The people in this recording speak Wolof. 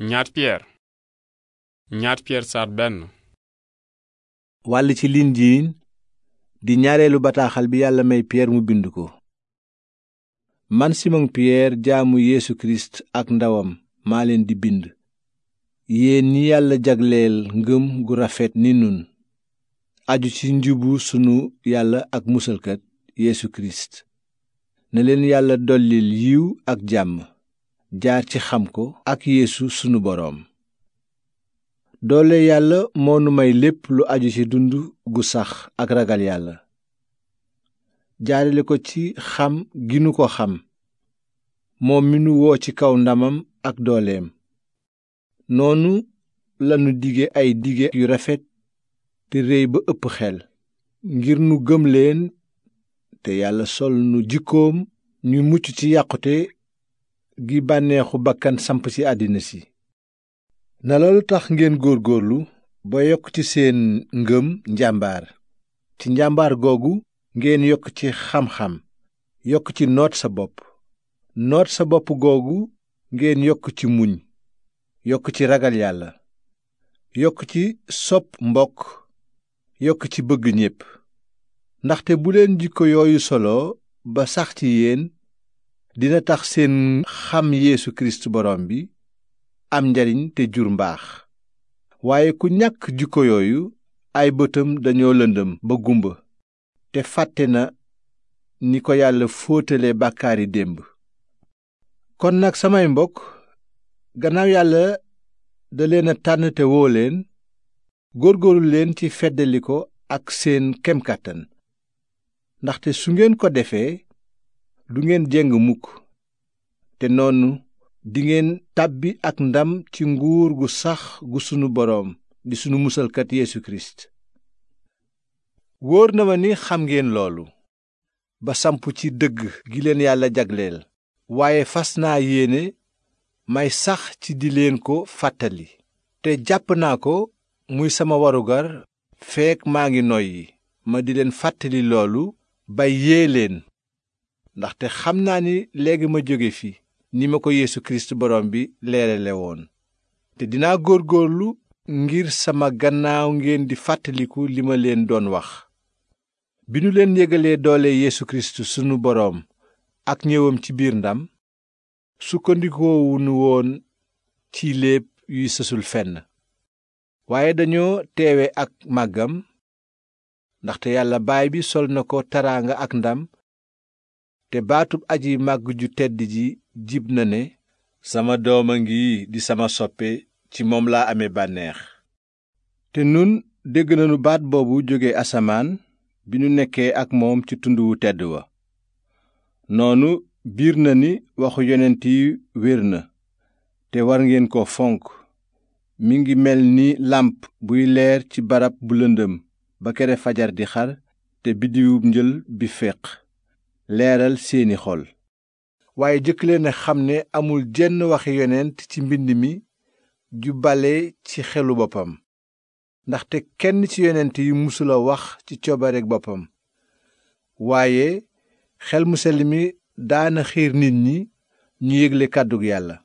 ñaat piyeer wàll ci lindiin di ñaareelu bataaxal bi yàlla may piyeer mu bind ko man simon piyeer jaamu yeesu kirist ak ndawam maa leen di bind yéen ni yàlla jagleel ngëm gu rafet ni nun aju ci njubu sunu yàlla ak musalkat yeesu kirist na leen yàlla dollil yiw ak jàmm jaar ci xam ko ak yeesu sunu boroom doole yàlla moo nu may lépp lu aju ci dund gu sax ak ragal yàlla jaarale ko ci xam gi nu ko xam moom mi nu woo ci kaw ndamam ak dooleem noonu lanu digge ay digge yu rafet te réy ba ëpp xel ngir nu gëm leen te yàlla sol nu jikkoom ñu mucc ci yàqute gi bànneexu bakkan samp ci àddina si na loolu tax ngeen góor góorlu ba yokk ci seen ngëm njàmbaar ci njàmbaar googu ngeen yokk ci xam-xam yokk ci noot sa bopp noot sa bopp googu ngeen yokk ci muñ yokk ci ragal yàlla yokk ci sopp mbokk yokk ci bëgg ñépp ndaxte bu leen jikko yooyu soloo ba sax ci yéen dina tax seen xam Yeesu Kirist borom bi am njariñ te jur mbaax waaye ku ñàkk jukko yooyu ay bëtam dañoo lëndëm ba gumba te fàtte na ni ko yàlla fóotale bàkkaari démb kon nag samay mbokk gannaaw yàlla da leena a tànn te woo leen góorgóorlu leen ci feddali ko ak seen kemkàttan ndaxte su ngeen ko defee du ngeen jéng mukk te noonu dingeen tàbbi ak ndam ci nguur gu sax gu sunu boroom di sunu musalkat Yeesu Kirist wóor na ma ni xam ngeen loolu ba samp ci dëgg gi leen yàlla jagleel waaye fas naa yéene may sax ci di leen ko fàttali te jàpp naa ko muy sama warugar feek maa ngi yi ma di leen fàttali loolu ba yee leen ndaxte xam naa ni léegi ma jóge fi ni ma ko Yeesu Kirist borom bi leerale woon te dinaa góor góorlu ngir sama gannaaw ngeen di fàttaliku li ma leen doon wax bi nu leen yëgalee doole Yeesu Kirist sunu boroom ak ñëwam ci biir ndam nu woon ci léeb yuy sësul fenn waaye dañoo teewe ak màggam ndaxte yàlla baay bi sol na ko taraanga ak ndam te baatub aji màgg ju tedd ji jib na ne sama doom a ngi di sama soppe ci moom laa ame bànneex te nun dégg nañu baat boobu jóge asamaan bi ñu nekkee ak moom ci tund wu tedd wa noonu biir na ni waxu yonent yi wér na te war ngeen koo fonk mi ngi mel ni làmp buy leer ci barab bu lëndëm ba kere fajar di xar te biddiwub njël bi féq leeral seeni xol waaye jëkk leen a xam ne amul jenn waxi yonent ci mbind mi ju bale ci xelu boppam ndaxte kenn ci yonent yi musula wax ci coobareek boppam waaye xel mu sell mi daana xiir nit ñi ñu yégle kàddug yàlla